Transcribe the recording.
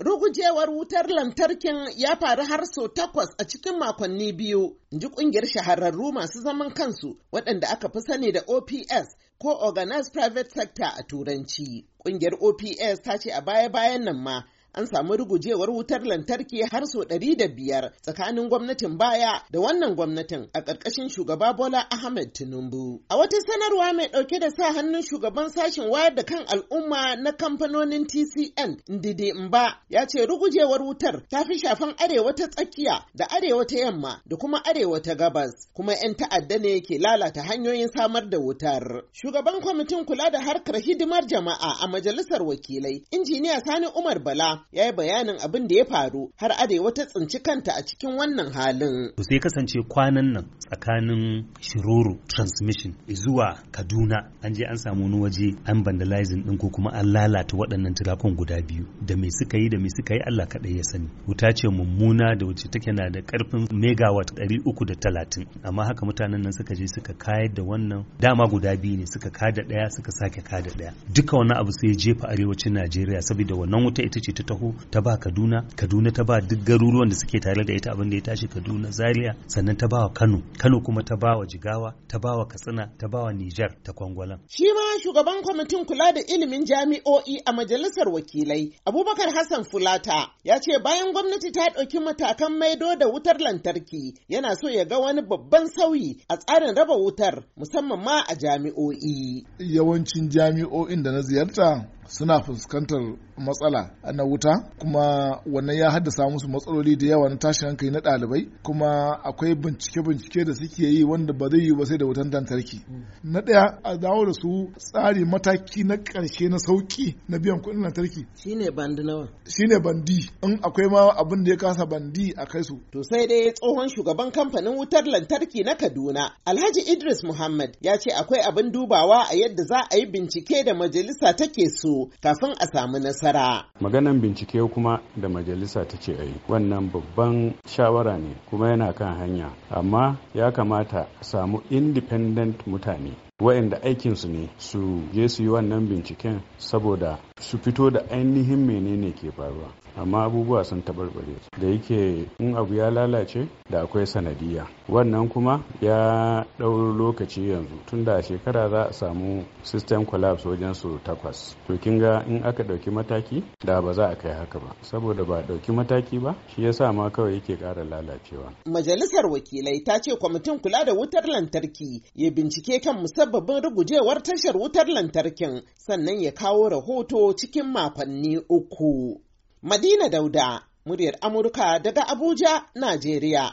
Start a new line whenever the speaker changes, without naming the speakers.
Rugujewar wutar lantarkin ya faru har sau takwas a cikin makonni biyu, in ji ƙungiyar shahararru masu zaman kansu waɗanda aka fi sani da OPS ko Organized Private Sector a Turanci. Ƙungiyar OPS ta ce a baya-bayan nan ma an samu rugujewar wutar lantarki har sau ɗari da biyar tsakanin gwamnatin baya da wannan gwamnatin a ƙarƙashin shugaba Bola Ahmed Tinubu. A wata sanarwa mai ɗauke da sa hannun shugaban sashen wayar da kan al'umma na kamfanonin TCN Ndidi Mba ya ce rugujewar wutar ta fi shafan arewa ta tsakiya da arewa ta yamma da kuma arewa ta gabas kuma 'yan ta'adda ne ke lalata hanyoyin samar da wutar. Shugaban kwamitin kula da harkar hidimar jama'a a majalisar wakilai injiniya Sani Umar Bala ya yi bayanin abin da ya faru har arewa ta tsinci kanta a cikin wannan halin.
sai kasance kwanan nan tsakanin Shiruru transmission zuwa kaduna an je an samu wani waje an vandalizing din ko kuma an lalata waɗannan turakon guda biyu da me suka yi da mai suka yi allah kaɗai ya sani wuta ce mummuna da wacce take na da ƙarfin megawatt ɗari uku da talatin amma haka mutanen nan suka je suka kayar da wannan dama guda biyu ne suka kada ɗaya suka sake kada ɗaya duka wani abu sai jefa arewacin najeriya saboda wannan wuta ita ce ta taho ta ba Kaduna Kaduna ta ba duk garuruwan da suke tare da ita abin da ya tashi Kaduna Zaria sannan ta ba wa Kano Kano kuma ta ba wa Jigawa ta ba wa Katsina ta ba wa Niger ta Kwangwalan
shi ma shugaban kwamitin kula da ilimin jami'o'i a majalisar wakilai Abubakar Hassan Fulata ya ce bayan gwamnati ta ɗauki matakan maido da wutar lantarki yana so ya ga wani babban sauyi a tsarin raba wutar musamman ma a jami'o'i yawancin jami'o'in da na ziyarta suna fuskantar matsala
na wuta kuma wannan ya haddasa musu matsaloli da yawa na tashin hankali na ɗalibai kuma akwai bincike-bincike da suke yi wanda ba zai yi ba sai da wutan lantarki na ɗaya a dawo da su tsari mataki na ƙarshe na sauƙi na biyan kuɗin lantarki shine bandi nawa
shine bandi in akwai ma abin da ya kasa bandi a kai su to sai dai tsohon shugaban kamfanin wutar lantarki na Kaduna Alhaji Idris Muhammad ya ce akwai abin dubawa a yadda za a yi bincike da majalisa take so kafin a samu nasara.
Maganan bincike kuma da majalisa ta ce a yi. wannan babban shawara ne kuma yana kan hanya amma ya kamata samu independent mutane Waɗanda aikinsu ne su je su yi wannan binciken saboda su fito da ainihin menene ke faruwa amma abubuwa sun taɓarɓare da yake in abu ya lalace da akwai sanadiyya wannan kuma ya ɗau lokaci yanzu tun da shekara za a samu system collapse wajen su takwas to kin ga in aka ɗauki mataki da ba za a kai haka ba saboda ba ɗauki mataki ba shi yasa ma kawai yake ƙara lalacewa
majalisar wakilai ta ce kwamitin kula da wutar lantarki ya bincike kan musab babban rugujewar tashar wutar lantarkin sannan ya kawo rahoto cikin makonni uku. Madina Dauda, muryar Amurka daga Abuja, Najeriya.